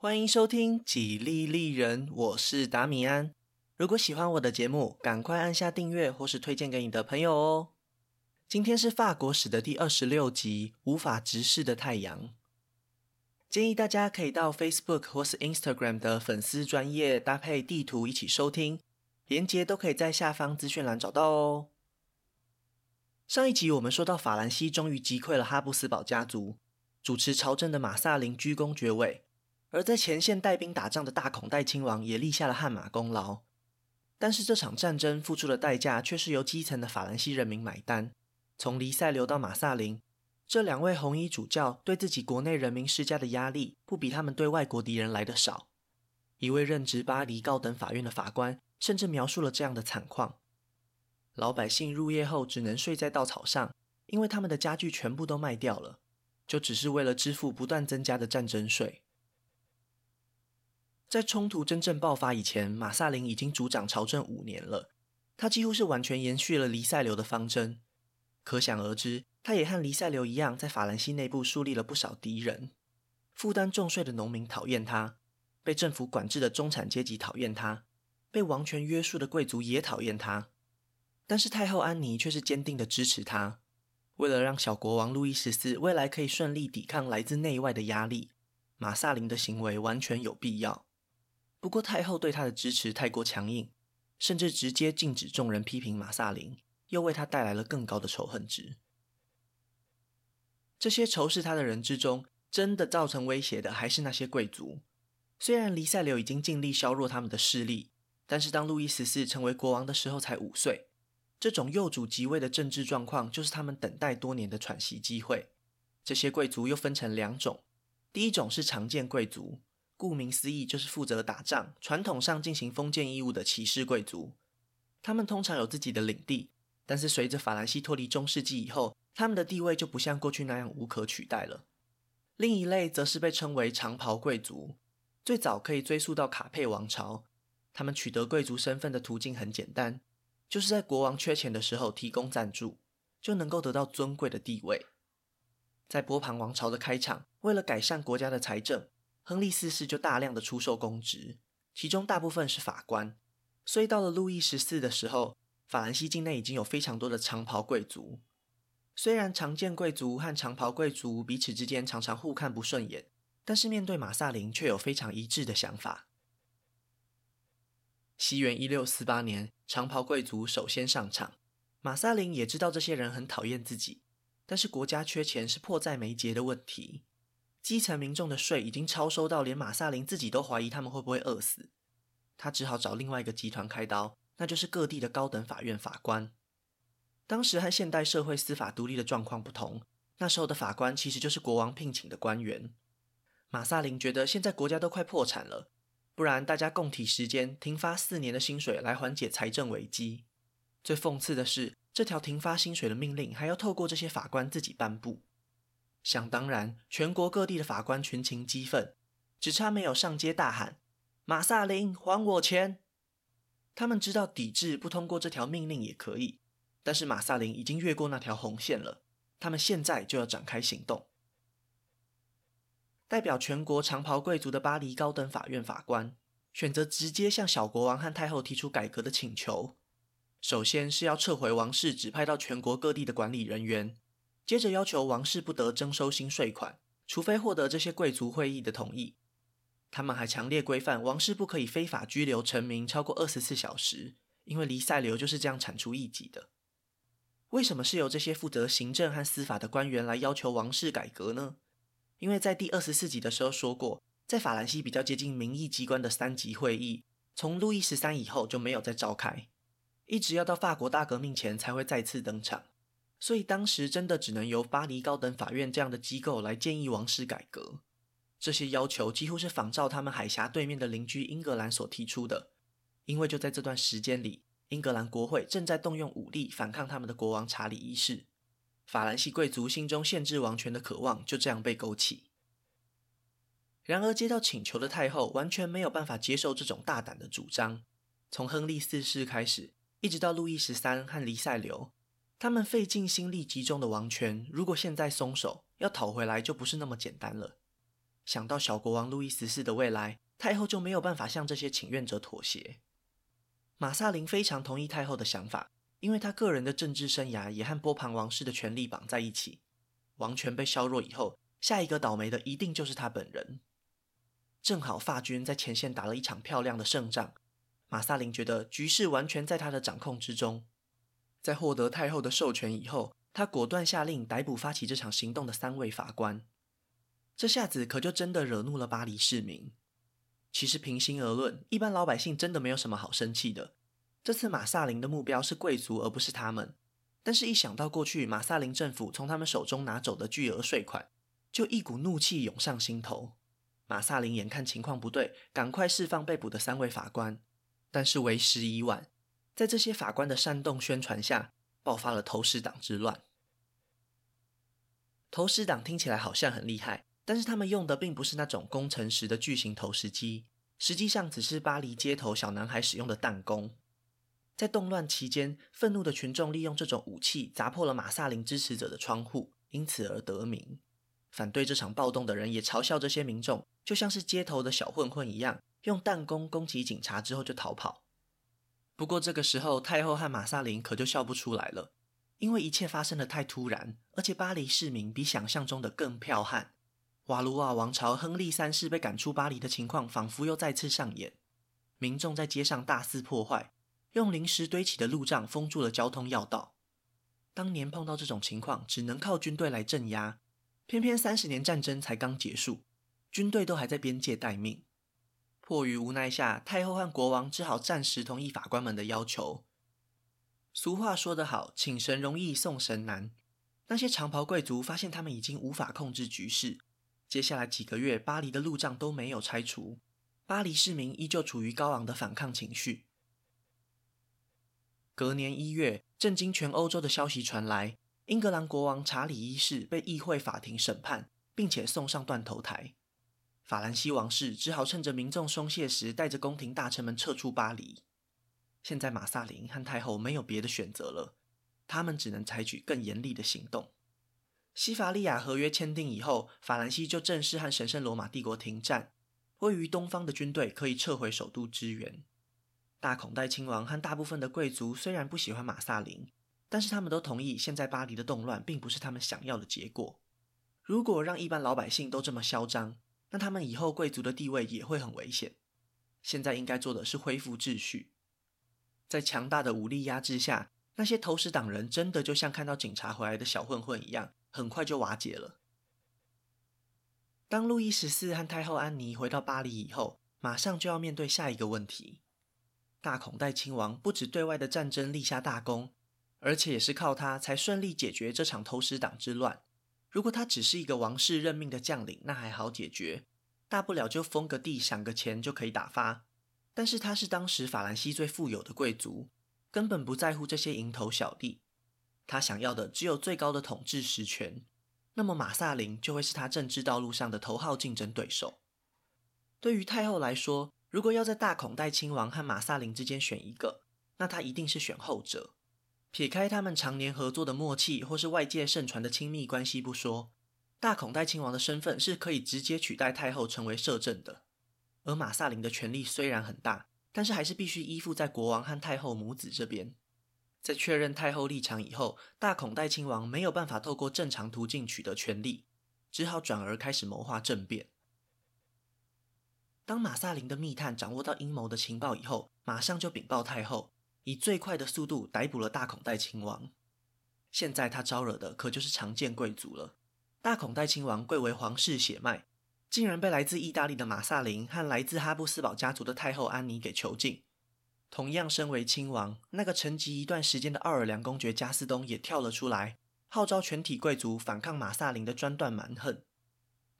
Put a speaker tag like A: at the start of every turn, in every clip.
A: 歡迎收聽《幾利利人》，我是達米安。如果喜歡我的節目，趕快按下訂閱或是推薦給你的朋友哦。今天是法國史的第二十六集，《無法直視的太陽》。建議大家可以到 Facebook 或是 Instagram 的粉絲專頁搭配地圖一起收聽，連結都可以在下方資訊欄找到哦。上一集我們說到，法蘭西終於擊潰了哈布斯堡家族，主持朝政的馬薩林居功厥偉。而在前線帶兵打仗的大孔代親王也立下了汗馬功勞，但是這場戰爭付出的代價卻是由基層的法蘭西人民買單。從黎塞留到馬薩林，這兩位紅衣主教對自己國內人民施加的壓力，不比他們對外國敵人來得少。一位任職巴黎高等法院的法官甚至描述了這樣的慘況：老百姓入夜後只能睡在稻草上，因為他們的家具全部都賣掉了，就只是為了支付不斷增加的戰爭稅。在衝突真正爆發以前，馬薩林已經主掌朝政五年了。他幾乎是完全延續了黎塞留的方針，可想而知，他也和黎塞留一樣，在法蘭西內部樹立了不少敵人。負擔重稅的農民討厭他，被政府管制的中產階級討厭他，被王權約束的貴族也討厭他。但是太后安妮卻是堅定的支持他。為了讓小國王路易十四未來可以順利抵抗來自內外的壓力，馬薩林的行為完全有必要。不過太后對他的支持太過強硬，甚至直接禁止眾人批評馬薩林，又為他帶來了更高的仇恨值。這些仇視他的人之中，真的造成威脅的還是那些貴族。雖然黎塞留已經盡力削弱他們的勢力，但是當路易十四成為國王的時候才五歲，這種幼主即位的政治狀況，就是他們等待多年的喘息機會。這些貴族又分成兩種，第一種是長劍貴族。顧名思義，就是負責打仗，傳統上進行封建義務的騎士貴族。他們通常有自己的領地，但是隨着法蘭西脫離中世紀以後，他們的地位就不像過去那樣無可取代了。另一類則是被稱為長袍貴族，最早可以追溯到卡佩王朝。他們取得貴族身份的途徑很簡單，就是在國王缺錢的時候提供贊助，就能夠得到尊貴的地位。在波旁王朝的開場，為了改善國家的財政。亨利四世就大量的出售公職，其中大部分是法官，所以到了路易十四的時候，法蘭西境內已經有非常多的長袍貴族。雖然長劍貴族和長袍貴族彼此之間常常互看不順眼，但是面對馬薩林，卻有非常一致的想法。西元一六四八年，長袍貴族首先上場，馬薩林也知道這些人很討厭自己，但是國家缺錢是迫在眉睫的問題。基層民眾的稅已經超收到，連馬薩林自己都懷疑他們會不會餓死，他只好找另外一個集團開刀，那就是各地的高等法院法官。當時和現代社會司法獨立的狀況不同，那時候的法官其實就是國王聘請的官員。馬薩林覺得現在國家都快破產了，不然大家共體時艱停發四年的薪水來緩解財政危機。最諷刺的是，這條停發薪水的命令還要透過這些法官自己頒布。想當然，全國各地的法官群情激憤，只差沒有上街大喊：“馬薩林還我錢！”他們知道抵制不通過這條命令也可以，但是馬薩林已經越過那條紅線了。他們現在就要展開行動。代表全國長袍貴族的巴黎高等法院法官選擇直接向小國王和太后提出改革的請求。首先是要撤回王室指派到全國各地的管理人員。接着要求王室不得徵收新稅款，除非獲得這些貴族會議的同意。他們還強烈規範王室不可以非法拘留臣民超過二十四小時，因為黎塞留就是這樣鏟除異己的。為什麼是由這些負責行政和司法的官員來要求王室改革呢？因為在第二十四集的時候說過，在法蘭西比較接近民意機關的三級會議，從路易十三以後就沒有再召開，一直要到法國大革命前才會再次登場。所以當時真的只能由巴黎高等法院這樣的機構來建議王室改革。這些要求幾乎是仿照他們海峽對面的鄰居英格蘭所提出的，因為就在這段時間裡，英格蘭國會正在動用武力反抗他們的國王查理一世。法蘭西貴族心中限制王權的渴望就這樣被勾起。然而，接到請求的太后完全沒有辦法接受這種大膽的主張。從亨利四世開始，一直到路易十三和黎塞留。他們費盡心力集中的王權，如果現在鬆手，要討回來就不是那麼簡單了。想到小國王路易十四的未來，太後就沒有辦法向這些請願者妥協。馬薩林非常同意太後的想法，因為他個人的政治生涯也和波旁王室的權力綁在一起。王權被削弱以後，下一個倒霉的一定就是他本人。正好法軍在前線打了一場漂亮的勝仗，馬薩林覺得局勢完全在他的掌控之中。在獲得太後的授權以後，他果斷下令逮捕發起這場行動的三位法官。這下子可就真的惹怒了巴黎市民。其實平心而論，一般老百姓真的沒有什麼好生氣的。這次馬薩林的目標是貴族，而不是他們。但是，一想到過去馬薩林政府從他們手中拿走的巨額稅款，就一股怒氣湧上心頭。馬薩林眼看情況不對，趕快釋放被捕的三位法官，但是為時已晚。在這些法官的煽動宣傳下，爆發了投石黨之亂。投石黨聽起來好像很厲害，但是他們用的並不是那種攻城時的巨型投石機，實際上只是巴黎街頭小男孩使用的彈弓。在動亂期間，憤怒的群眾利用這種武器砸破了馬薩林支持者的窗戶，因此而得名。反對這場暴動的人也嘲笑這些民眾，就像是街頭的小混混一樣，用彈弓攻，攻擊警察之後就逃跑。不過這個時候，太后和馬薩林可就笑不出來了，因為一切發生得太突然，而且巴黎市民比想象中的更彪悍。瓦魯瓦王朝亨利三世被趕出巴黎的情況，仿佛又再次上演。民眾在街上大肆破壞，用臨時堆起的路障封住了交通要道。當年碰到這種情況，只能靠軍隊來鎮壓，偏偏三十年戰爭才剛結束，軍隊都還在邊界待命。迫於無奈下，太后和國王只好暫時同意法官們的要求。俗話說得好，“請神容易送神難”。那些長袍貴族發現他們已經無法控制局勢。接下來幾個月，巴黎的路障都沒有拆除，巴黎市民依舊處，處於高昂的反抗情緒。隔年一月，震驚全歐洲的消息傳來：英格蘭國王查理一世被議會法庭審判，並且送上斷頭台。法蘭西王室只好趁着民眾鬆懈時，帶着宮廷大臣們撤出巴黎。現在馬薩林和太后沒有別的選擇了，他們只能採取更嚴厲的行動。西法利亞合約簽訂以後，法蘭西就正式和神聖羅馬帝國停戰。位於東方的軍隊可以撤回首都支援。大孔代親王和大部分的貴族雖然不喜歡馬薩林，但是他們都同意，現在巴黎的動亂並不是他們想要的結果。如果讓一般老百姓都這麼囂張。那他們以後貴族的地位也會很危險。現在應該做的是恢復秩序，在強大的武力壓制下，那些投石黨人真的就像看到警察回來的小混混一樣，很快就瓦解了。當路易十四和太后安妮回到巴黎以後，馬上就要面對下一個問題。大孔代親王不止對外的戰爭立下大功，而且也是靠他才順利解決這場投石黨之亂。如果他只是一個王室任命的將領，那還好解決，大不了就封個地，賞個錢就可以打發。但是他是當時法蘭西最富有的貴族，根本不在乎這些蠅頭小利。他想要的只有最高的統治實權。那麼馬薩林就會是他政治道路上的頭號競爭對手。對於太後來說，如果要在大孔戴親王和馬薩林之間選一個，那他一定是選後者。撇開他們常年合作的默契，或是外界盛傳的親密關係不說，大孔代親王的身份是可以直接取代太后成為攝政的。而馬薩林的權力雖然很大，但是還是必須依附在國王和太后母子這邊。在確認太后立場以後，大孔代親王沒有辦法透過正常途徑取得權力，只好轉而開始謀劃政變。當馬薩林的密探掌握到陰謀的情報以後，馬上就禀報太後。以最快的速度逮捕了大孔代親王。現在他招惹的可就是長劍貴族了。大孔代親王貴為皇室血脈，竟然被來自意大利的馬薩林和來自哈布斯堡家族的太后安妮給囚禁。同樣身為親王，那個沉寂一段時間的奧爾良公爵加斯東也跳了出來，號召全體貴族反抗馬薩林的專斷蠻橫。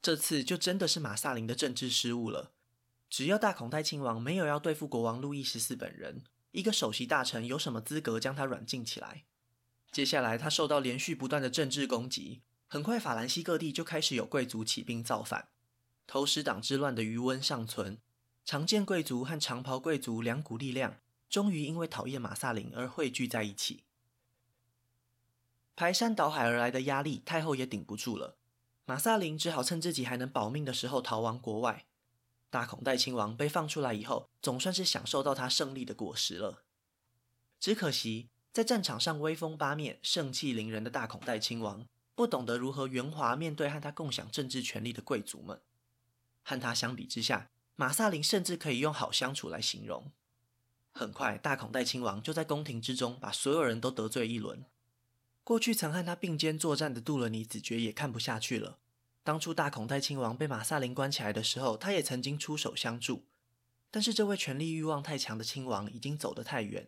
A: 這次就真的是馬薩林的政治失誤了。只要大孔代親王沒有要對付國王路易十四本人。一個首席大臣有什麼資格將他軟禁起來？接下來，他受到連續不斷的政治攻擊。很快，法蘭西各地就開始有貴族起兵造反。投石黨之亂的余溫尚存，長劍貴族和長袍貴族兩股力量，終於因為討厭馬薩林而匯聚在一起。排山倒海而來的壓力，太後也頂不住了。馬薩林只好趁自己還能保命的時候逃亡國外。大孔代親王被放出來以後，總算是享受到他勝利的果實了。只可惜，在戰場上威風八面、盛氣凌人的大孔代親王，不懂得如何圓滑面對和他共享政治權力的貴族們。和他相比之下，馬薩林甚至可以用好相處來形容。很快，大孔代親王就在宮廷之中把所有人都得罪一輪。過去曾和他並肩作戰的杜勒尼子爵也看不下去了。當初大孔代親王被馬薩林關起來的時候，他也曾經出手相助。但是這位權力欲望太強的親王已經走得太遠，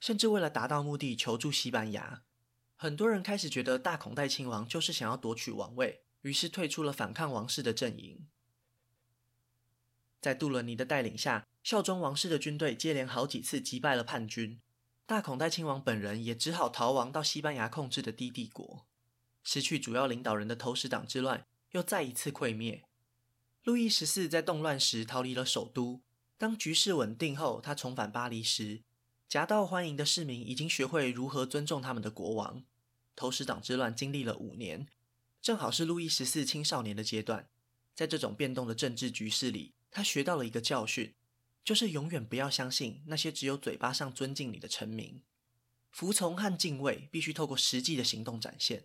A: 甚至為了達到目的求助西班牙。很多人開始覺得大孔代親王就是想要奪取王位，於是退出了反抗王室的陣營。在杜倫尼的帶領下，效忠王室的軍隊接連好幾次擊敗了叛軍。大孔代親王本人也只好逃亡到西班牙控制的低地國，失去主要領導人的投石黨之亂。又再一次潰滅。路易十四在動亂時逃離了首都。當局勢穩定後，他重返巴黎時，夾道歡迎的市民已經學會如何尊重他們的國王。投石黨之亂經歷了五年，正好是路易十四青少年的階段。在這種變動的政治局勢裡，他學到了一個教訓，就是永遠不要相信那些只有嘴巴上尊敬你的臣民。服從和敬畏必須透過實際的行動展現。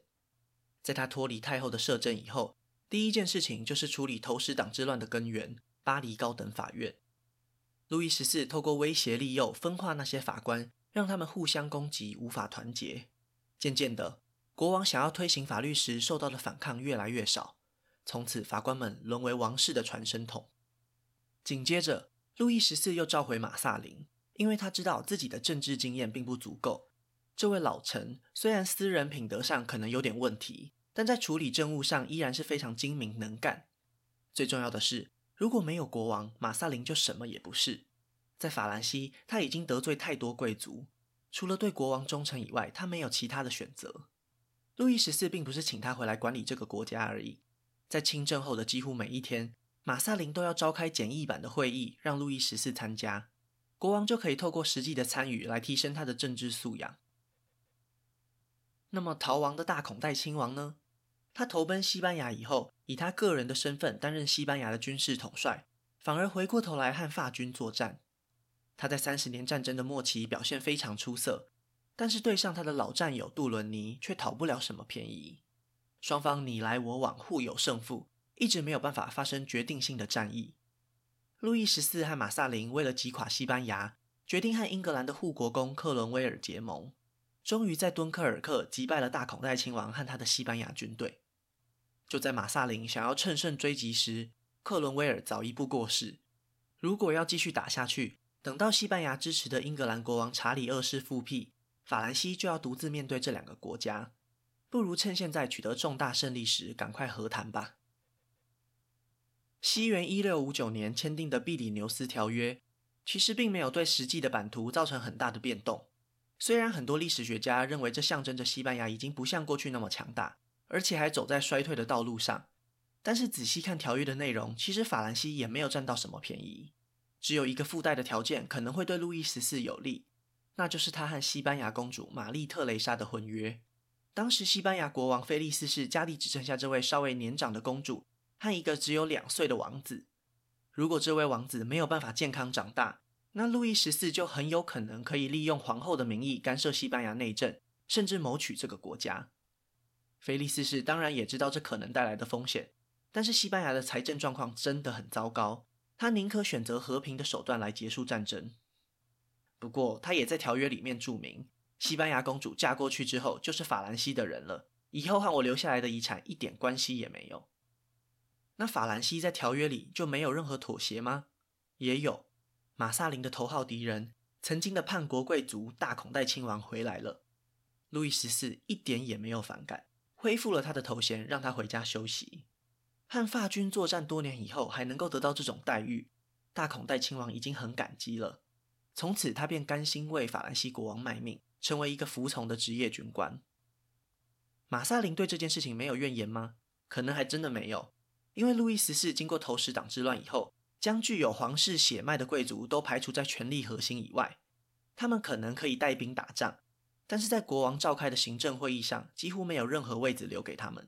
A: 在他脫離太後的攝政以後。第一件事情就是處理“投石黨之亂”的根源——巴黎高等法院。路易十四透過威脅利誘分化那些法官，讓他們互相攻擊，無法團結。漸漸的，國王想要推行法律時受到的反抗越來越少，從此法官們淪為王室的傳聲筒。緊接着，路易十四又召回馬薩林，因為他知道自己的政治經驗並不足夠。這位老臣雖然私人品德上可能有點問題。但在處理政務上依然是非常精明能幹。最重要的是，如果沒有國王，馬薩林就什麼也不是。在法蘭西，他已經得罪太多貴族，除了對國王忠誠以外，他沒有其他的選擇。路易十四並不是請他回來管理這個國家而已。在親政後的幾乎每一天，馬薩林都要召開簡易版的會議，讓路易十四參加。國王就可以透過實際的參與來提升他的政治素養。那麼逃亡的大孔代親王呢？他投奔西班牙以後，以他個人的身份擔任西班牙的軍事統帥，反而回過頭來和法軍作戰。他在三十年戰爭的末期表現非常出色，但是對上他的老戰友杜倫尼卻討不了什麼便宜。雙方你來我往，互有勝負，一直沒有辦法發生決定性的戰役。路易十四和馬薩林為了擊垮西班牙，決定和英格蘭的護國公克倫威爾結盟。終於在敦刻爾克擊敗了大孔代親王和他的西班牙軍隊。就在馬薩林想要乘勝追擊時，克倫威爾早一步過世。如果要繼續打下去，等到西班牙支持的英格蘭國王查理二世復辟，法蘭西就要獨自面對這兩個國家。不如趁現在取得重大勝利時，趕快和談吧。西元一六五九年簽訂的《比利牛斯條約》，其實並沒有對實際的版圖造成很大的變動。雖然很多歷史學家認為這象徵着西班牙已經不像過去那麼強大，而且還走在衰退的道路上，但是仔細看條約的內容，其實法蘭西也沒有占到什麼便宜，只有一個附帶的條件可能會對路易十四有利，那就是他和西班牙公主瑪麗特蕾莎的婚約。當時西班牙國王菲利四世家裡只剩下這位稍微年長的公主和一個只有兩歲的王子，如果這位王子沒有辦法健康長大，那路易十四就很有可能可以利用皇後的名義干涉西班牙內政，甚至謀取這個國家。菲利四世當然也知道這可能帶來的風險，但是西班牙的財政狀況真的很糟糕，他寧可選擇和平的手段來結束戰爭。不過，他也在條約裡面注明，西班牙公主嫁過去之後就是法蘭西的人了，以後和我留下來的遺產一點關係也沒有。那法蘭西在條約裡就沒有任何妥協嗎？也有。馬薩林的頭號敵人，曾經的叛國貴族大孔代親王回來了。路易十四一點也沒有反感，恢復了他的頭銜，讓他回家休息。和法軍作戰多年以後，還能夠得到這種待遇，大孔代親王已經很感激了。從此，他便甘心為法蘭西國王賣命，成為一個服從的職業軍官。馬薩林對這件事情沒有怨言嗎？可能還真的沒有，因為路易十四經過投石黨之亂以後，將具有皇室血脈的貴族都排除在權力核心以外，他們可能可以帶兵打仗，但是在國王召開的行政會議上，幾乎沒有任何位子留給他們。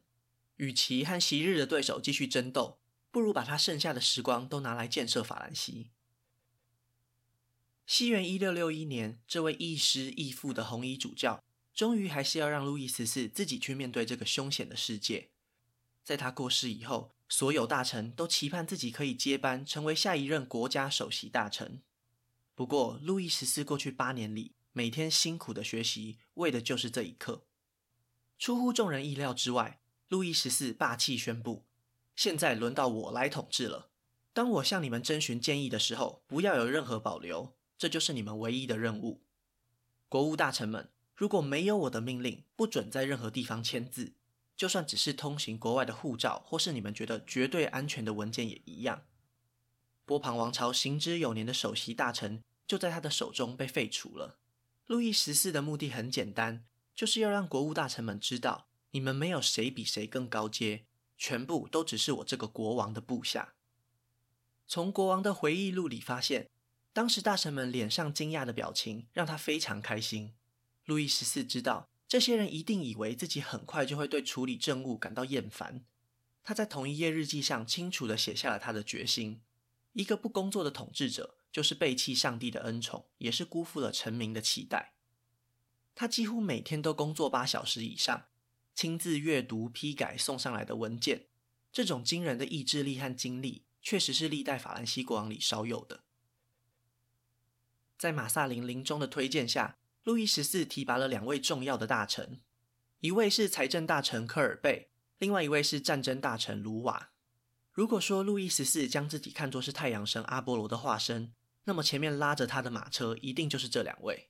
A: 與其和昔日的對手繼續爭鬥，不如把他剩下的時光都拿來建設法蘭西。西元一六六一年，這位亦師亦父的紅衣主教，終於還是要讓路易十四自己去面對這個兇險的世界。在他過世以後。所有大臣都期盼自己可以接班，成為下一任國家首席大臣。不過，路易十四過去八年裡每天辛苦的學習，為的就是這一刻。出乎眾人意料之外，路易十四霸氣宣布：“現在輪到我來統治了。當我向你們徵詢建議的時候，不要有任何保留，這就是你們唯一的任務。國務大臣們，如果沒有我的命令，不准在任何地方簽字。”就算只是通行國外的護照，或是你們覺得絕對安全的文件也一樣。波旁王朝行之有年的首席大臣，就在他的手中被廢除了。路易十四的目的很簡單，就是要讓國務大臣們知道，你們沒有誰比誰更高階，全部都只是我這個國王的部下。從國王的回憶錄裡發現，當時大臣們臉上驚訝的表情，讓他非常開心。路易十四知道。這些人一定以為自己很快就會對處理政務感到厭煩。他在同一頁日記上清楚地寫下了他的決心：一個不工作的統治者，就是背棄上帝的恩寵，也是辜負了臣民的期待。他幾乎每天都工作八小時以上，親自閱讀、批改送上來的文件。這種驚人的意志力和精力，確實是歷代法蘭西國王裡少有的。在馬薩林臨終的推薦下。路易十四提拔了兩位重要的大臣，一位是財政大臣科爾貝，另外一位是戰爭大臣盧瓦。如果說路易十四將自己看作是太陽神阿波羅的化身，那麼前面拉着他的馬車一定就是這兩位。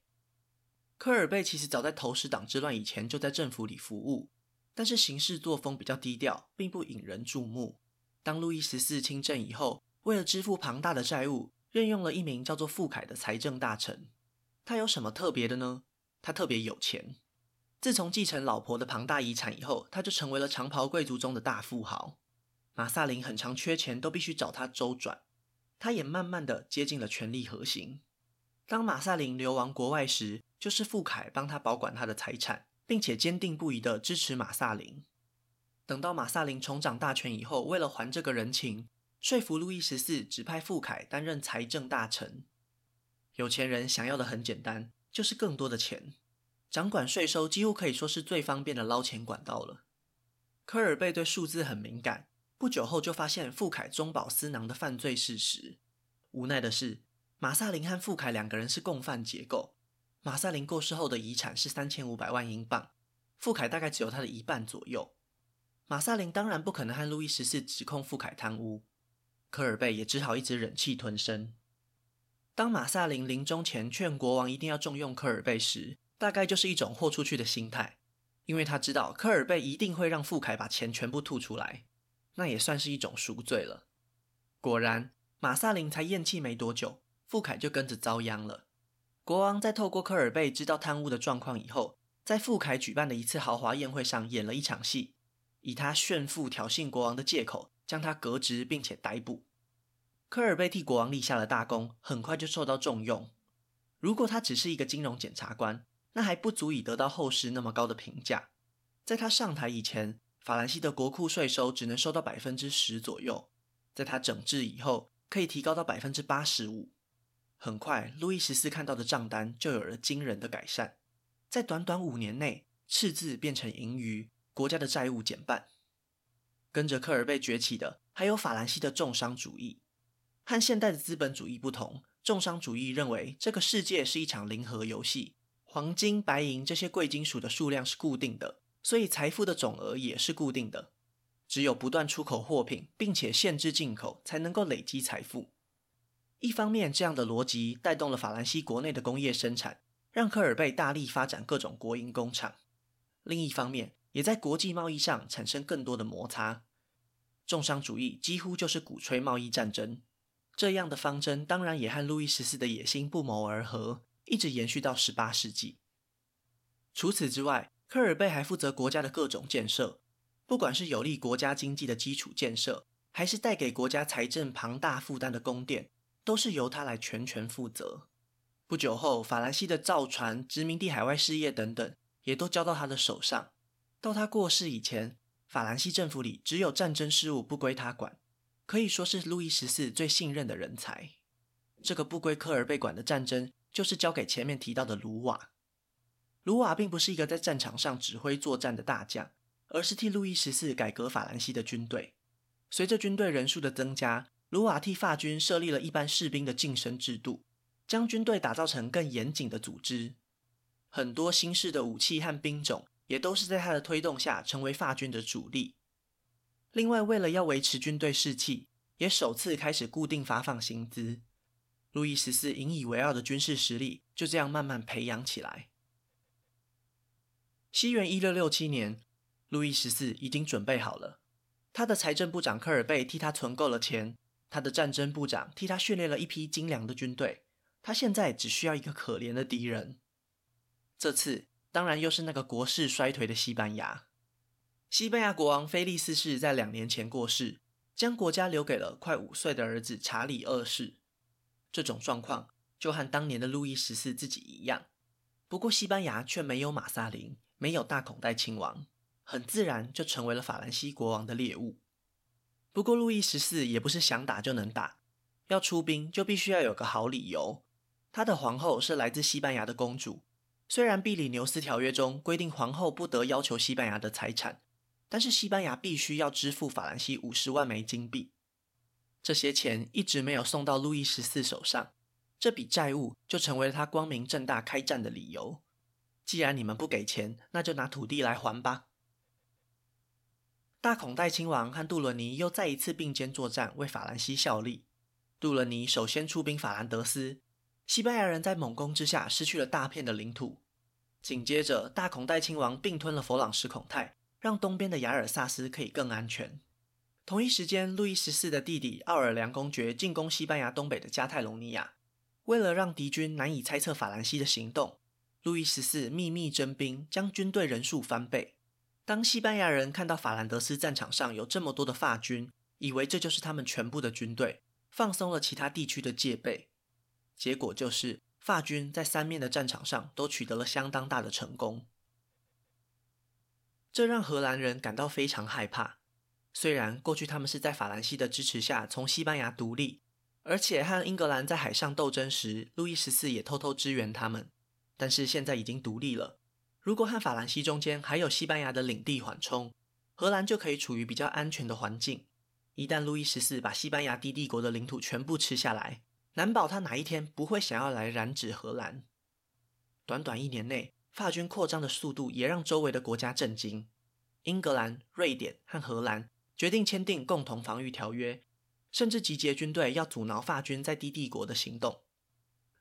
A: 科爾貝其實早在投石黨之亂以前就在政府裡服務，但是行事作風比較低調，並不引人注目。當路易十四親政以後，為了支付龐大的債務，任用了一名叫做富凱的財政大臣。他有什麼特別的呢？他特別有錢。自從繼承老婆的龐大遺產以後，他就成為了長袍貴族中的大富豪。馬薩林很常缺錢，都必須找他周轉。他也慢慢的接近了權力核心。當馬薩林流亡國外時，就是傅凱幫他保管他的財產，並且堅定不移的支持馬薩林。等到馬薩林重掌大權以後，為了還這個人情，說服路易十四指派傅凱擔任財政大臣。有錢人想要的很簡單，就是更多的錢。掌管稅收幾乎可以說是最方便的撈錢管道了。科爾貝對數字很敏感，不久後就發現富凱中飽私囊的犯罪事實。無奈的是，馬薩林和富凱兩個人是共犯結構。馬薩林過世後的遺產是三千五百萬英鎊，富凱大概只有他的一半左右。馬薩林當然不可能和路易十四指控富凱貪汙，科爾貝也只好一直忍氣吞聲。當馬薩林臨終前勸國王一定要重用科爾貝時，大概就是一種豁出去的心態，因為他知道科爾貝一定會讓富凱把錢全部吐出來，那也算是一種贖罪了。果然，馬薩林才咽氣沒多久，富凱就跟着遭殃了。國王在透過科爾貝知道貪汙的狀況以後，在富凱舉辦的一次豪華宴會上演了一場戲，以他炫富挑釁國王的借口，將他革職並且逮捕。科爾貝替國王立下了大功，很快就受到重用。如果他只是一個金融檢察官，那還不足以得到後世那麼高的評價。在他上台以前，法蘭西的國庫稅收只能收到百分之十左右；在他整治以後，可以提高到百分之八十五。很快，路易十四看到的賬單就有了驚人的改善。在短短五年內，赤字變成盈餘，國家的債務減半。跟着科爾貝崛起的，還有法蘭西的重商主義。和現代的資本主義不同，重商主義認為這個世界是一場零和遊戲。黃金、白銀這些貴金屬的數量是固定的，所以財富的總額也是固定的。只有不斷出口貨品，並且限制進口，才能夠累積財富。一方面，這樣的邏輯帶動了法蘭西國內的工業生產，讓科爾貝大力發展各種國營工廠；另一方面，也在國際貿易上產生更多的摩擦。重商主義幾乎就是鼓吹貿易戰爭。這樣的方針當然也和路易十四的野心不謀而合，一直延續到十八世紀。除此之外，科爾貝還負責國家的各種建設，不管是有利國家經濟的基礎建設，還是帶給國家財政龐大負擔的宮殿，都是由他來全權負責。不久後，法蘭西的造船、殖民地海外事業等等，也都交到他的手上。到他過世以前，法蘭西政府裡只有戰爭事務不歸他管。可以說是路易十四最信任的人才。這個不歸科爾貝管的戰爭，就是交給前面提到的盧瓦。盧瓦並不是一個在戰場上指揮作戰的大將，而是替路易十四改革法蘭西的軍隊。隨着軍隊人數的增加，盧瓦替法軍設立了一般士兵的晉升制度，將軍隊打造成更嚴謹的組織。很多新式的武器和兵種，也都是在他的推動下成為法軍的主力。另外，為了要維持軍隊士氣，也首次開始固定發放薪資。路易十四引以為傲的軍事實力就這樣慢慢培養起來。西元一六六七年，路易十四已經準備好了，他的財政部長科爾貝替他存夠了錢，他的戰爭部長替他訓練了一批精良的軍隊，他現在只需要一個可憐的敵人。這次當然又是那個國勢衰退的西班牙。西班牙國王菲利四世在兩年前過世，將國家留給了快五歲的兒子查理二世。這種狀況就和當年的路易十四自己一樣，不過西班牙卻沒有馬薩林，沒有大孔代親王，很自然就成為了法蘭西國王的獵物。不過路易十四也不是想打就能打，要出兵就必須要有個好理由。他的皇後是來自西班牙的公主，雖然《比利牛斯條約》中規定皇後不得要求西班牙的財產。但是西班牙必須要支付法蘭西五十萬枚金幣，這些錢一直沒有送到路易十四手上，這筆債務就成為了他光明正大開戰的理由。既然你們不給錢，那就拿土地來還吧。大孔代親王和杜倫尼又再一次並肩作戰，為法蘭西效力。杜倫尼首先出兵法蘭德斯，西班牙人在猛攻之下失去了大片的領土。緊接着，大孔代親王併吞了弗朗什孔泰。讓東邊的雅爾薩斯可以更安全。同一時間，路易十四的弟弟奧爾良公爵進攻西班牙東北的加泰隆尼亞。為了讓敵軍難以猜測法蘭西的行動，路易十四秘密徵兵，將軍隊人數翻倍。當西班牙人看到法蘭德斯戰場上有這麼多的法軍，以為這就是他們全部的軍隊，放鬆了其他地區的戒備。結果就是，法軍在三面的戰場上都取得了相當大的成功。這讓荷蘭人感到非常害怕。雖然過去他們是在法蘭西的支持下從西班牙獨立，而且和英格蘭在海上鬥爭時，路易十四也偷偷支援他們，但是現在已經獨立了。如果和法蘭西中間還有西班牙的領地緩衝，荷蘭就可以處於比較安全的環境。一旦路易十四把西班牙低地國的領土全部吃下來，難保他哪一天不會想要來染指荷蘭。短短一年內。法軍擴張的速度也讓周圍的國家震驚。英格蘭、瑞典和荷蘭決定簽訂共同防禦條約，甚至集結軍隊要阻撓法軍在低地國的行動。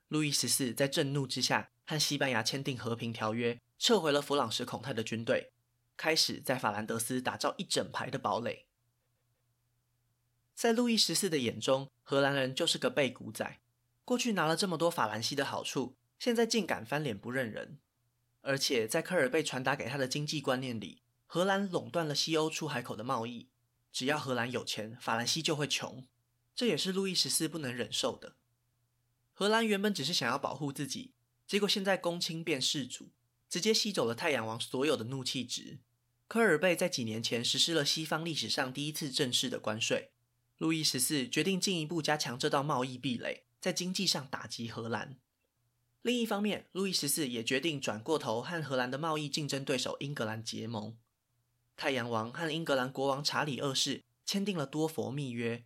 A: 路易十四在震怒之下和西班牙簽訂和平條約，撤回了弗朗什孔泰的軍隊，開始在法蘭德斯打造一整排的堡壘。在路易十四的眼中，荷蘭人就是個背骨仔。過去拿了這麼多法蘭西的好處，現在竟敢翻臉不認人。而且在科爾貝傳達給他的經濟觀念裡，荷蘭壟斷了西歐出海口的貿易。只要荷蘭有錢，法蘭西就會窮。這也是路易十四不能忍受的。荷蘭原本只是想要保護自己，結果現在公親變事主，直接吸走了太陽王所有的怒氣值。科爾貝在幾年前實施了西方歷史上第一次正式的關稅，路易十四決定進一步加強這道貿易壁壘，在經濟上打擊荷蘭。另一方面，路易十四也決定轉過頭和荷蘭的貿易競爭對手英格蘭結盟。太陽王和英格蘭國王查理二世簽訂了多佛密約，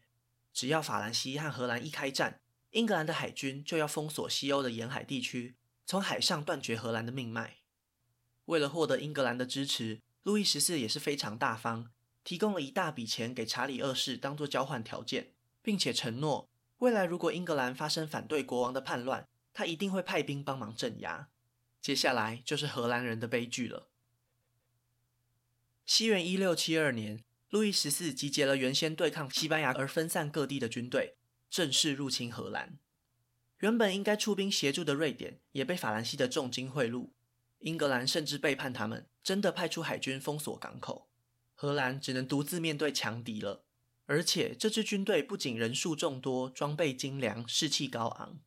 A: 只要法蘭西和荷蘭一開戰，英格蘭的海軍就要封鎖西歐的沿海地區，從海上斷絕荷蘭的命脈。為了獲得英格蘭的支持，路易十四也是非常大方，提供了一大筆錢給查理二世當做交換條件，並且承諾未來如果英格蘭發生反對國王的叛亂。他一定會派兵幫忙鎮壓，接下來就是荷蘭人的悲劇了。西元一六七二年，路易十四集結了原先對抗西班牙而分散各地的軍隊，正式入侵荷蘭。原本應該出兵協助的瑞典，也被法蘭西的重金賄賂；英格蘭甚至背叛他們，真的派出海軍封鎖港口。荷蘭只能獨自面對強敵了。而且這支軍隊不僅人數眾多，裝備精良，士氣高昂。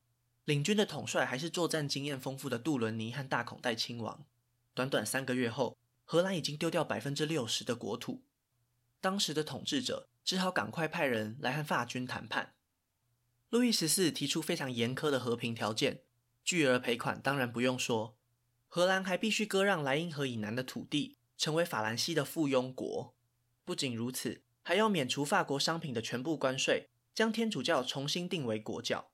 A: 領軍的統帥還是作戰經驗豐富的杜倫尼和大孔代親王。短短三個月後，荷蘭已經丟掉百分之六十的國土。當時的統治者只好趕快派人來和法軍談判。路易十四提出非常嚴苛的和平條件：巨額賠款當然不用說，荷蘭還必須割讓萊茵河以南的土地，成為法蘭西的附庸國。不僅如此，還要免除法國商品的全部關稅，將天主教重新定為國教。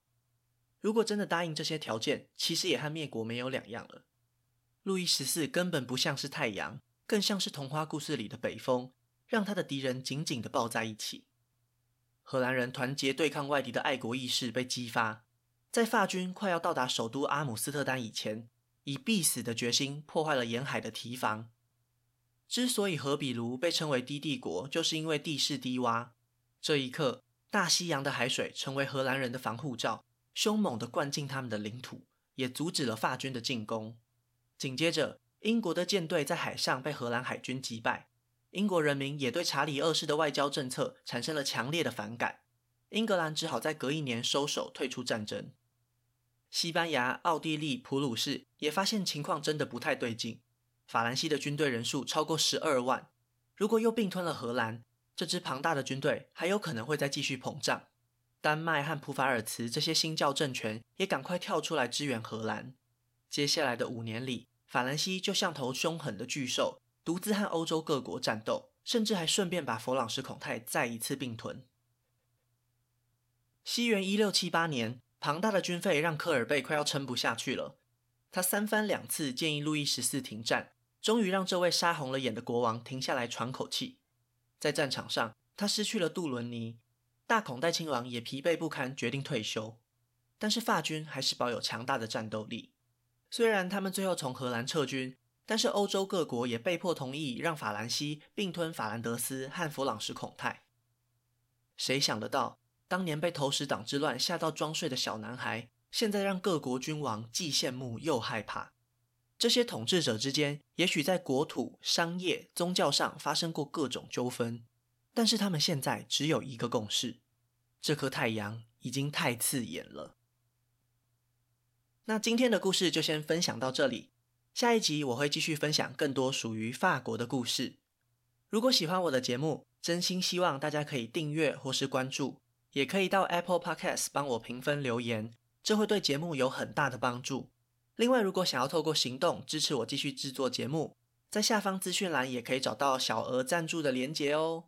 A: 如果真的答應這些條件，其實也和滅國沒有兩樣了。路易十四根本不像是太陽，更像是童話故事裡的北風，讓他的敵人緊緊地抱在一起。荷蘭人團結對抗外敵的愛國意識被激發，在法軍快要到達首都阿姆斯特丹以前，以必死的決心破壞了沿海的堤防。之所以荷比盧被稱為低地國，就是因為地勢低洼。這一刻，大西洋的海水成為荷蘭人的防護罩。兇猛地灌進他們的領土，也阻止了法軍的進攻。緊接着，英國的艦隊在海上被荷蘭海軍擊敗，英國人民也對查理二世的外交政策產生了強烈的反感。英格蘭只好在隔一年收手，退出戰爭。西班牙、奧地利、普魯士也發現情況真的不太對勁。法蘭西的軍隊人數超過十二萬，如果又併吞了荷蘭，這支龐大的軍隊還有可能會再繼續膨脹。丹麥和普法爾茨這些新教政權也趕快跳出來支援荷蘭。接下來的五年裡，法蘭西就像頭凶狠的巨獸，獨自和歐洲各國戰鬥，甚至還順便把弗朗什孔泰再一次併吞。西元一六七八年，龐大的軍費讓科爾貝快要撐不下去了。他三番兩次建議路易十四停戰，終於讓這位殺紅了眼的國王停下來喘口氣。在戰場上，他失去了杜倫尼。大孔代親王也疲憊不堪，決定退休。但是法軍還是保有強大的戰鬥力。雖然他們最後從荷蘭撤軍，但是歐洲各國也被迫同意讓法蘭西併吞法蘭德斯和弗朗什孔泰。誰想得到，當年被投石黨之亂嚇到裝睡的小男孩，現在讓各國君王既羨慕又害怕。這些統治者之間，也許在國土、商業、宗教上發生過各種糾紛。但是他們現在只有一個共識：這顆太陽已經太刺眼了。那今天的故事就先分享到這裡，下一集我會繼續分享更多屬於法國的故事。如果喜歡我的節目，真心希望大家可以訂閱或是關注，也可以到 Apple Podcast 幫我評分留言，這會對節目有很大的幫助。另外，如果想要透過行動支持我繼續制作節目，在下方資訊欄也可以找到小額贊助的連結哦。